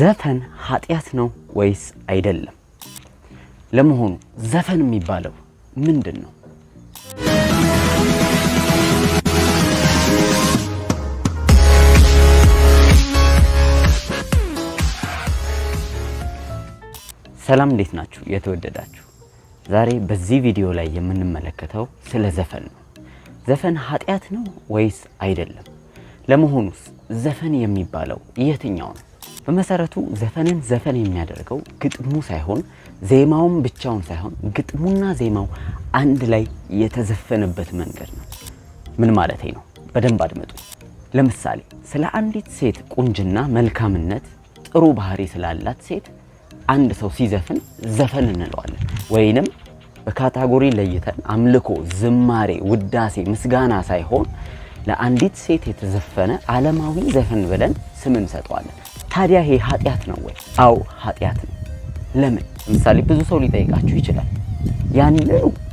ዘፈን ኃጢአት ነው ወይስ አይደለም? ለመሆኑ ዘፈን የሚባለው ምንድን ነው? ሰላም እንዴት ናችሁ? የተወደዳችሁ ዛሬ በዚህ ቪዲዮ ላይ የምንመለከተው ስለ ዘፈን ነው። ዘፈን ኃጢአት ነው ወይስ አይደለም? ለመሆኑስ ዘፈን የሚባለው የትኛው ነው? በመሰረቱ ዘፈንን ዘፈን የሚያደርገው ግጥሙ ሳይሆን ዜማውም ብቻውን ሳይሆን ግጥሙና ዜማው አንድ ላይ የተዘፈነበት መንገድ ነው። ምን ማለት ነው? በደንብ አድመጡ። ለምሳሌ ስለ አንዲት ሴት ቁንጅና፣ መልካምነት፣ ጥሩ ባህሪ ስላላት ሴት አንድ ሰው ሲዘፍን ዘፈን እንለዋለን። ወይንም በካታጎሪ ለይተን አምልኮ፣ ዝማሬ፣ ውዳሴ፣ ምስጋና ሳይሆን ለአንዲት ሴት የተዘፈነ ዓለማዊ ዘፈን ብለን ስም እንሰጠዋለን። ታዲያ ይሄ ኃጢአት ነው ወይ? አዎ ኃጢአት ነው። ለምን? ለምሳሌ ብዙ ሰው ሊጠይቃችሁ ይችላል። ያን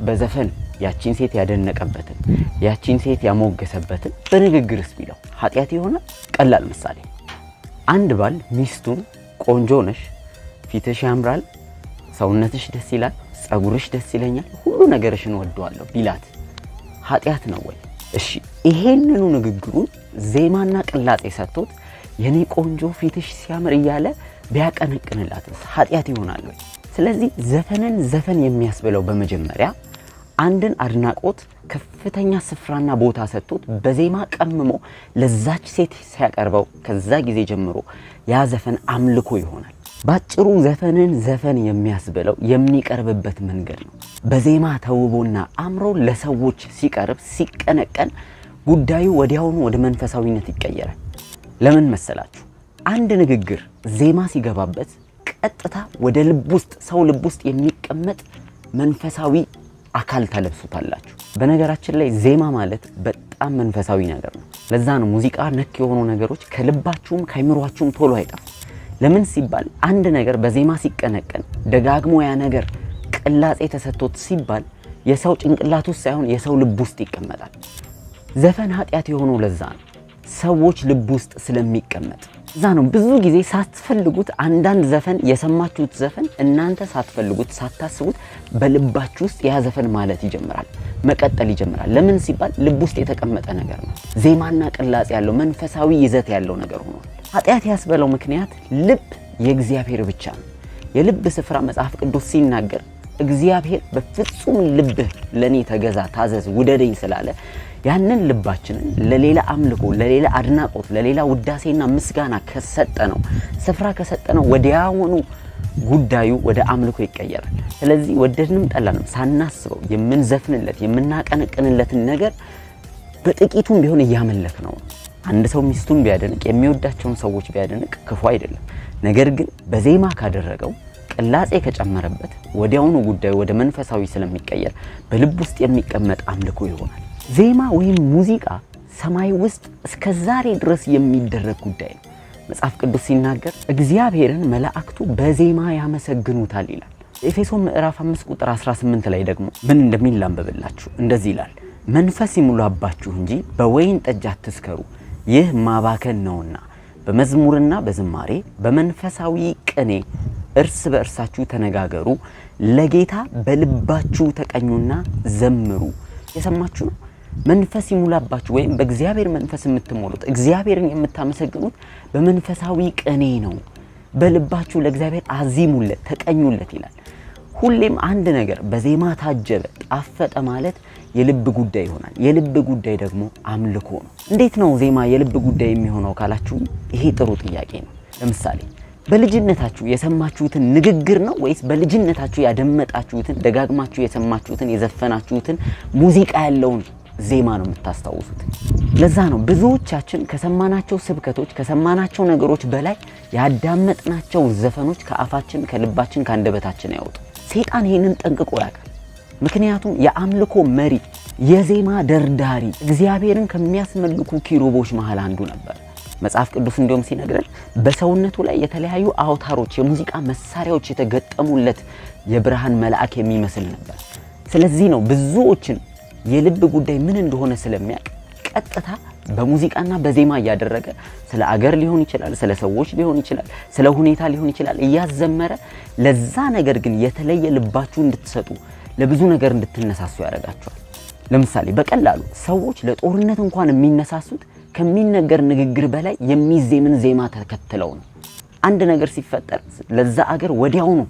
በዘፈን ያቺን ሴት ያደነቀበትን ያቺን ሴት ያሞገሰበትን በንግግርስ ቢለው ኃጢአት የሆነ ቀላል ምሳሌ፣ አንድ ባል ሚስቱን ቆንጆ ነሽ፣ ፊትሽ ያምራል፣ ሰውነትሽ ደስ ይላል፣ ጸጉርሽ ደስ ይለኛል፣ ሁሉ ነገርሽን ወደዋለሁ ቢላት ኃጢአት ነው ወይ? እሺ ይሄንኑ ንግግሩን ዜማና ቅላጼ ሰጥቶት የኔ ቆንጆ ፊትሽ ሲያምር እያለ ቢያቀነቅንላትስ ኃጢአት ይሆናል ወይ? ስለዚህ ዘፈንን ዘፈን የሚያስብለው በመጀመሪያ አንድን አድናቆት ከፍተኛ ስፍራና ቦታ ሰጥቶት በዜማ ቀምሞ ለዛች ሴት ሲያቀርበው ከዛ ጊዜ ጀምሮ ያ ዘፈን አምልኮ ይሆናል። ባጭሩ ዘፈንን ዘፈን የሚያስብለው የሚቀርብበት መንገድ ነው። በዜማ ተውቦና አምሮ ለሰዎች ሲቀርብ ሲቀነቀን ጉዳዩ ወዲያውኑ ወደ መንፈሳዊነት ይቀየራል። ለምን መሰላችሁ? አንድ ንግግር ዜማ ሲገባበት ቀጥታ ወደ ልብ ውስጥ ሰው ልብ ውስጥ የሚቀመጥ መንፈሳዊ አካል ተለብሱታላችሁ። በነገራችን ላይ ዜማ ማለት በጣም መንፈሳዊ ነገር ነው። ለዛ ነው ሙዚቃ ነክ የሆኑ ነገሮች ከልባችሁም ከአይምሯችሁም ቶሎ አይጠፉ። ለምን ሲባል አንድ ነገር በዜማ ሲቀነቀን ደጋግሞ ያ ነገር ቅላጼ ተሰጥቶት ሲባል የሰው ጭንቅላት ውስጥ ሳይሆን የሰው ልብ ውስጥ ይቀመጣል። ዘፈን ኃጢአት የሆነው ለዛ ነው። ሰዎች ልብ ውስጥ ስለሚቀመጥ እዛ ነው። ብዙ ጊዜ ሳትፈልጉት አንዳንድ ዘፈን የሰማችሁት ዘፈን እናንተ ሳትፈልጉት ሳታስቡት በልባችሁ ውስጥ ያ ዘፈን ማለት ይጀምራል፣ መቀጠል ይጀምራል። ለምን ሲባል ልብ ውስጥ የተቀመጠ ነገር ነው። ዜማና ቅላጽ ያለው መንፈሳዊ ይዘት ያለው ነገር ሆኗል። ኃጢአት ያስበለው ምክንያት ልብ የእግዚአብሔር ብቻ ነው። የልብ ስፍራ መጽሐፍ ቅዱስ ሲናገር እግዚአብሔር በፍጹም ልብህ ለእኔ ተገዛ፣ ታዘዝ፣ ውደደኝ ስላለ ያንን ልባችንን ለሌላ አምልኮ፣ ለሌላ አድናቆት፣ ለሌላ ውዳሴና ምስጋና ከሰጠ ነው ስፍራ ከሰጠ ነው ወዲያውኑ ጉዳዩ ወደ አምልኮ ይቀየራል። ስለዚህ ወደድንም ጠላንም ሳናስበው የምንዘፍንለት የምናቀነቅንለትን ነገር በጥቂቱም ቢሆን እያመለክ ነው። አንድ ሰው ሚስቱን ቢያደንቅ የሚወዳቸውን ሰዎች ቢያደንቅ ክፉ አይደለም። ነገር ግን በዜማ ካደረገው ቅላጼ ከጨመረበት ወዲያውኑ ጉዳዩ ወደ መንፈሳዊ ስለሚቀየር በልብ ውስጥ የሚቀመጥ አምልኮ ይሆናል። ዜማ ወይም ሙዚቃ ሰማይ ውስጥ እስከ ዛሬ ድረስ የሚደረግ ጉዳይ ነው። መጽሐፍ ቅዱስ ሲናገር እግዚአብሔርን መላእክቱ በዜማ ያመሰግኑታል ይላል። ኤፌሶ ምዕራፍ 5 ቁጥር 18 ላይ ደግሞ ምን እንደሚል ላንብብላችሁ። እንደዚህ ይላል፣ መንፈስ ይሙላባችሁ እንጂ በወይን ጠጅ አትስከሩ፣ ይህ ማባከን ነውና፣ በመዝሙርና በዝማሬ በመንፈሳዊ ቅኔ እርስ በእርሳችሁ ተነጋገሩ፣ ለጌታ በልባችሁ ተቀኙና ዘምሩ። የሰማችሁ ነው። መንፈስ ይሙላባችሁ ወይም በእግዚአብሔር መንፈስ የምትሞሉት እግዚአብሔርን የምታመሰግኑት በመንፈሳዊ ቅኔ ነው። በልባችሁ ለእግዚአብሔር አዚሙለት፣ ተቀኙለት ይላል። ሁሌም አንድ ነገር በዜማ ታጀበ፣ ጣፈጠ ማለት የልብ ጉዳይ ይሆናል። የልብ ጉዳይ ደግሞ አምልኮ ነው። እንዴት ነው ዜማ የልብ ጉዳይ የሚሆነው ካላችሁ፣ ይሄ ጥሩ ጥያቄ ነው። ለምሳሌ በልጅነታችሁ የሰማችሁትን ንግግር ነው ወይስ በልጅነታችሁ ያደመጣችሁትን ደጋግማችሁ የሰማችሁትን የዘፈናችሁትን ሙዚቃ ያለውን ዜማ ነው የምታስታውሱት። ለዛ ነው ብዙዎቻችን ከሰማናቸው ስብከቶች ከሰማናቸው ነገሮች በላይ ያዳመጥናቸው ዘፈኖች ከአፋችን ከልባችን ከአንደበታችን ያወጡ ሰይጣን ይህንን ጠንቅቆ ያውቃል። ምክንያቱም የአምልኮ መሪ የዜማ ደርዳሪ እግዚአብሔርን ከሚያስመልኩ ኪሩቦች መሃል አንዱ ነበር። መጽሐፍ ቅዱስ እንዲሁም ሲነግረን በሰውነቱ ላይ የተለያዩ አውታሮች፣ የሙዚቃ መሳሪያዎች የተገጠሙለት የብርሃን መልአክ የሚመስል ነበር። ስለዚህ ነው ብዙዎችን የልብ ጉዳይ ምን እንደሆነ ስለሚያውቅ ቀጥታ በሙዚቃና በዜማ እያደረገ ስለ አገር ሊሆን ይችላል፣ ስለ ሰዎች ሊሆን ይችላል፣ ስለ ሁኔታ ሊሆን ይችላል እያዘመረ ለዛ ነገር ግን የተለየ ልባችሁ እንድትሰጡ ለብዙ ነገር እንድትነሳሱ ያደርጋቸዋል። ለምሳሌ በቀላሉ ሰዎች ለጦርነት እንኳን የሚነሳሱት ከሚነገር ንግግር በላይ የሚዜምን ዜማ ተከትለው ነው። አንድ ነገር ሲፈጠር ለዛ አገር ወዲያውኑ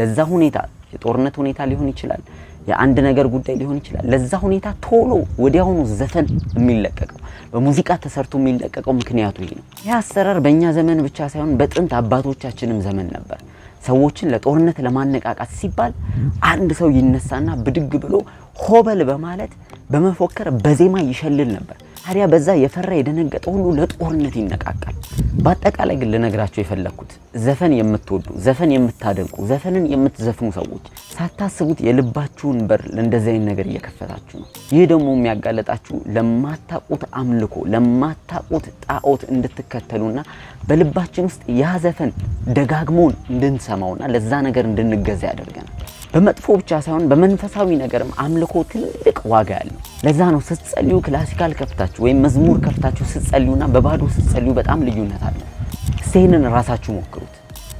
ለዛ ሁኔታ የጦርነት ሁኔታ ሊሆን ይችላል የአንድ ነገር ጉዳይ ሊሆን ይችላል። ለዛ ሁኔታ ቶሎ ወዲያውኑ ዘፈን የሚለቀቀው በሙዚቃ ተሰርቶ የሚለቀቀው ምክንያቱ ይህ ነው። ይህ አሰራር በእኛ ዘመን ብቻ ሳይሆን በጥንት አባቶቻችንም ዘመን ነበር። ሰዎችን ለጦርነት ለማነቃቃት ሲባል አንድ ሰው ይነሳና ብድግ ብሎ ሆበል በማለት በመፎከር በዜማ ይሸልል ነበር። ታዲያ በዛ የፈራ የደነገጠ ሁሉ ለጦርነት ይነቃቃል። በአጠቃላይ ግን ልነግራቸው የፈለግኩት ዘፈን የምትወዱ ዘፈን የምታደንቁ ዘፈንን የምትዘፍኑ ሰዎች ሳታስቡት የልባችሁን በር ለእንደዚህ አይነት ነገር እየከፈታችሁ ነው። ይህ ደግሞ የሚያጋለጣችሁ ለማታቁት አምልኮ፣ ለማታቁት ጣዖት እንድትከተሉና በልባችን ውስጥ ያ ዘፈን ደጋግሞን እንድንሰማውና ለዛ ነገር እንድንገዛ ያደርገናል። በመጥፎ ብቻ ሳይሆን በመንፈሳዊ ነገርም አምልኮ ትልቅ ዋጋ ያለው ለዛ ነው ስትጸልዩ ክላሲካል ከፍታችሁ ወይም መዝሙር ከፍታችሁ ስትጸልዩና በባዶ ስትጸልዩ በጣም ልዩነት አለ። እስቲ ይህንን ራሳችሁ ሞክሩት።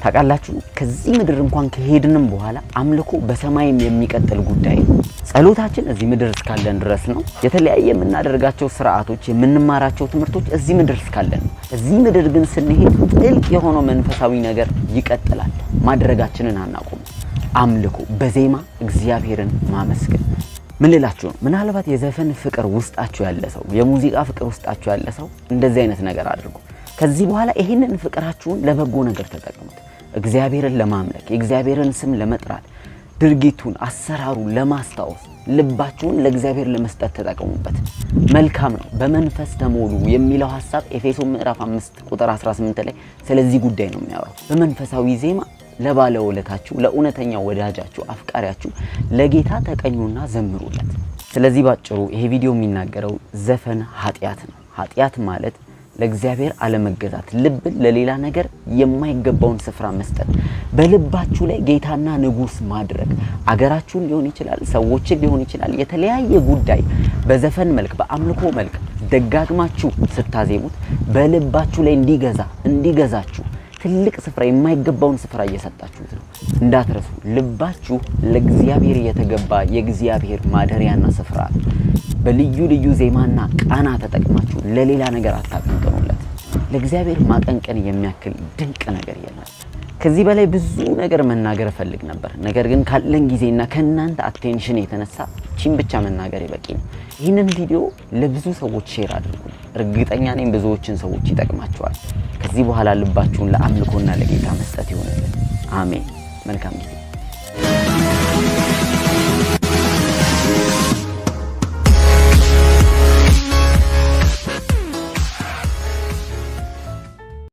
ታውቃላችሁ ከዚህ ምድር እንኳን ከሄድንም በኋላ አምልኮ በሰማይም የሚቀጥል ጉዳይ ነው። ጸሎታችን እዚህ ምድር እስካለን ድረስ ነው። የተለያየ የምናደርጋቸው ስርዓቶች፣ የምንማራቸው ትምህርቶች እዚህ ምድር እስካለን ነው። እዚህ ምድር ግን ስንሄድ ጥልቅ የሆነው መንፈሳዊ ነገር ይቀጥላል። ማድረጋችንን አናቆም። አምልኮ በዜማ እግዚአብሔርን ማመስገን ምን ልላችሁ ነው፣ ምናልባት የዘፈን ፍቅር ውስጣችሁ ያለ ሰው፣ የሙዚቃ ፍቅር ውስጣችሁ ያለ ሰው እንደዚህ አይነት ነገር አድርጉ። ከዚህ በኋላ ይህንን ፍቅራችሁን ለበጎ ነገር ተጠቅሙት። እግዚአብሔርን ለማምለክ የእግዚአብሔርን ስም ለመጥራት ድርጊቱን፣ አሰራሩን ለማስታወስ ልባችሁን ለእግዚአብሔር ለመስጠት ተጠቀሙበት። መልካም ነው፣ በመንፈስ ተሞሉ የሚለው ሀሳብ ኤፌሶ ምዕራፍ 5 ቁጥር 18 ላይ ስለዚህ ጉዳይ ነው የሚያወራው። በመንፈሳዊ ዜማ ለባለ ውለታችሁ ለእውነተኛ ወዳጃችሁ አፍቃሪያችሁ ለጌታ ተቀኙና ዘምሩለት። ስለዚህ ባጭሩ ይሄ ቪዲዮ የሚናገረው ዘፈን ኃጢአት ነው። ኃጢአት ማለት ለእግዚአብሔር አለመገዛት፣ ልብን ለሌላ ነገር የማይገባውን ስፍራ መስጠት፣ በልባችሁ ላይ ጌታና ንጉስ ማድረግ፣ አገራችሁን ሊሆን ይችላል፣ ሰዎችን ሊሆን ይችላል። የተለያየ ጉዳይ በዘፈን መልክ በአምልኮ መልክ ደጋግማችሁ ስታዜሙት በልባችሁ ላይ እንዲገዛ እንዲገዛችሁ ትልቅ ስፍራ የማይገባውን ስፍራ እየሰጣችሁት ነው። እንዳትረሱ፣ ልባችሁ ለእግዚአብሔር የተገባ የእግዚአብሔር ማደሪያና ስፍራ ነው። በልዩ ልዩ ዜማና ቃና ተጠቅማችሁ ለሌላ ነገር አታቀንቅኑለት። ለእግዚአብሔር ማቀንቀን የሚያክል ድንቅ ነገር የለም። ከዚህ በላይ ብዙ ነገር መናገር እፈልግ ነበር። ነገር ግን ካለን ጊዜና ከእናንተ አቴንሽን የተነሳ ቺን ብቻ መናገር ይበቂ ነው። ይህንን ቪዲዮ ለብዙ ሰዎች ሼር አድርጉ። እርግጠኛ ነኝ ብዙዎችን ሰዎች ይጠቅማቸዋል። ከዚህ በኋላ ልባችሁን ለአምልኮና ለጌታ መስጠት ይሆንልን። አሜን። መልካም ጊዜ